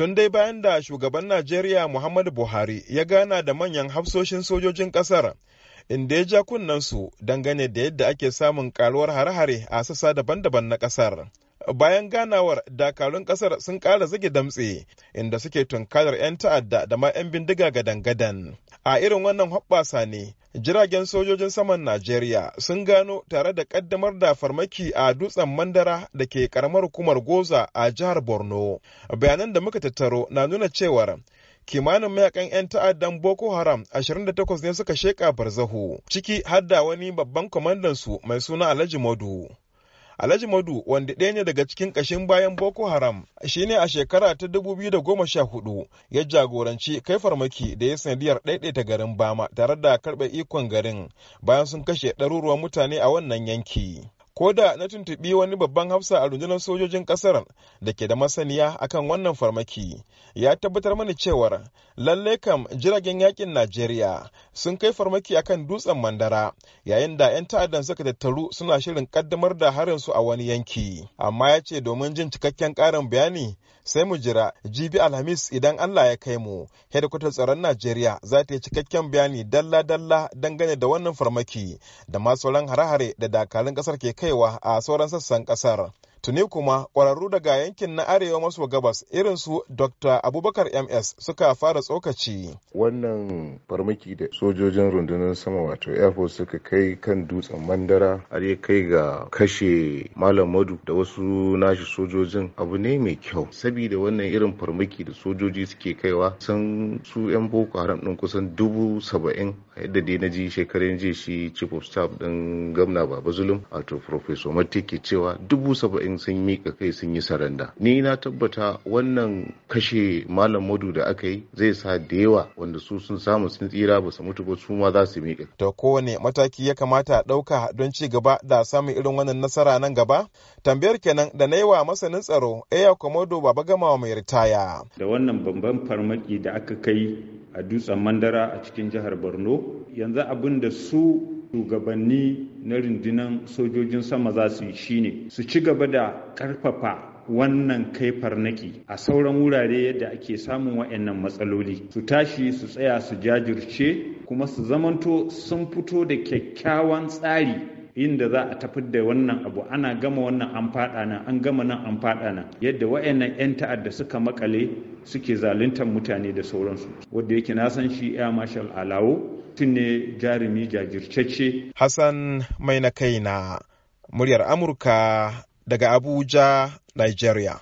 tun dai bayan da shugaban najeriya muhammadu buhari ya gana da manyan hafsoshin sojojin kasar inda ya ja su dangane da yadda ake samun karuwar hare-hare a sassa daban-daban na kasar bayan ganawar dakarun kasar sun kara zage damtse inda suke tunkarar 'yan ta'adda da ma 'yan bindiga ga dangadan a irin wannan hoɓɓasa ne jiragen sojojin saman Najeriya sun gano tare da kaddamar da farmaki a dutsen Mandara da ke karamar hukumar Goza a jihar Borno. Bayanan da muka tattaro na nuna cewar kimanin mayakan 'yan ta'addan Boko Haram 28 ne suka sheka barzahu, ciki har wani babban kwamandansu mai suna Alhaji Modu. Alhaji Madu wanda ɗaya ne daga cikin ƙashin bayan Boko Haram shine a shekara ta 2014 ya jagoranci kai farmaki da ya sanadiyar ɗaiɗaita garin Bama tare da karɓe ikon garin bayan sun kashe ɗaruruwan mutane a wannan yanki. ko da na tuntuɓi wani babban hafsa a rundunar sojojin ƙasar da ke da masaniya akan wannan farmaki ya tabbatar mana cewar lalle kam jiragen yakin najeriya sun kai farmaki akan dutsen mandara yayin da 'yan ta'addan suka tattaru suna shirin kaddamar da harin su a wani yanki amma ya ce domin jin cikakken ƙarin bayani sai mu jira jibi alhamis idan allah ya kai mu hedikwatar tsaron najeriya za ta yi cikakken bayani dalla-dalla dangane da wannan farmaki da masu ran hare-hare da dakarun ƙasar ke kai taɓarɓarewa a sauran sassan ƙasar. tuni kuma kwararru daga yankin na arewa maso gabas irin su dr abubakar ms suka fara tsokaci wannan farmaki da sojojin rundunar sama wato air force suka kai kan dutsen mandara har ya kai ga kashe malam madu da wasu nashi sojojin abu ne mai kyau saboda wannan irin farmaki da sojoji suke kaiwa sun su yan boko haram din kusan dubu saba'in yadda dai na ji shekarun jiya shi chief of staff din gamna baba zulum wato professor matike cewa dubu saba'in in sun yi kai sun yi saranda ni na tabbata wannan kashe malam madu da aka yi zai sa da yawa wanda su sun samu sun tsira ba su mutu ba su ma za su miƙa to kowane mataki ya kamata ɗauka don ci gaba da samun irin wannan nasara nan gaba tambayar kenan da na yi wa masanin tsaro eya komodo baba gama mai ritaya da wannan babban farmaki da aka kai a dutsen mandara a cikin jihar borno yanzu abin da su shugabanni na rundunar sojojin sama za su yi shine su ci gaba da ƙarfafa wannan kai farnaki a sauran wurare yadda ake samun wa'annan matsaloli su tashi su tsaya su jajirce kuma su zamanto sun fito da kyakkyawan tsari inda za a tafi da wannan abu ana gama wannan an fada nan an gama nan an fada nan yadda wayannan yan ta'adda suka makale suke zaluntar mutane da sauransu wanda yake na san shi ya marshal alawo tun ne jarumi jajirtacce hassan mai na kaina muryar amurka daga abuja nigeria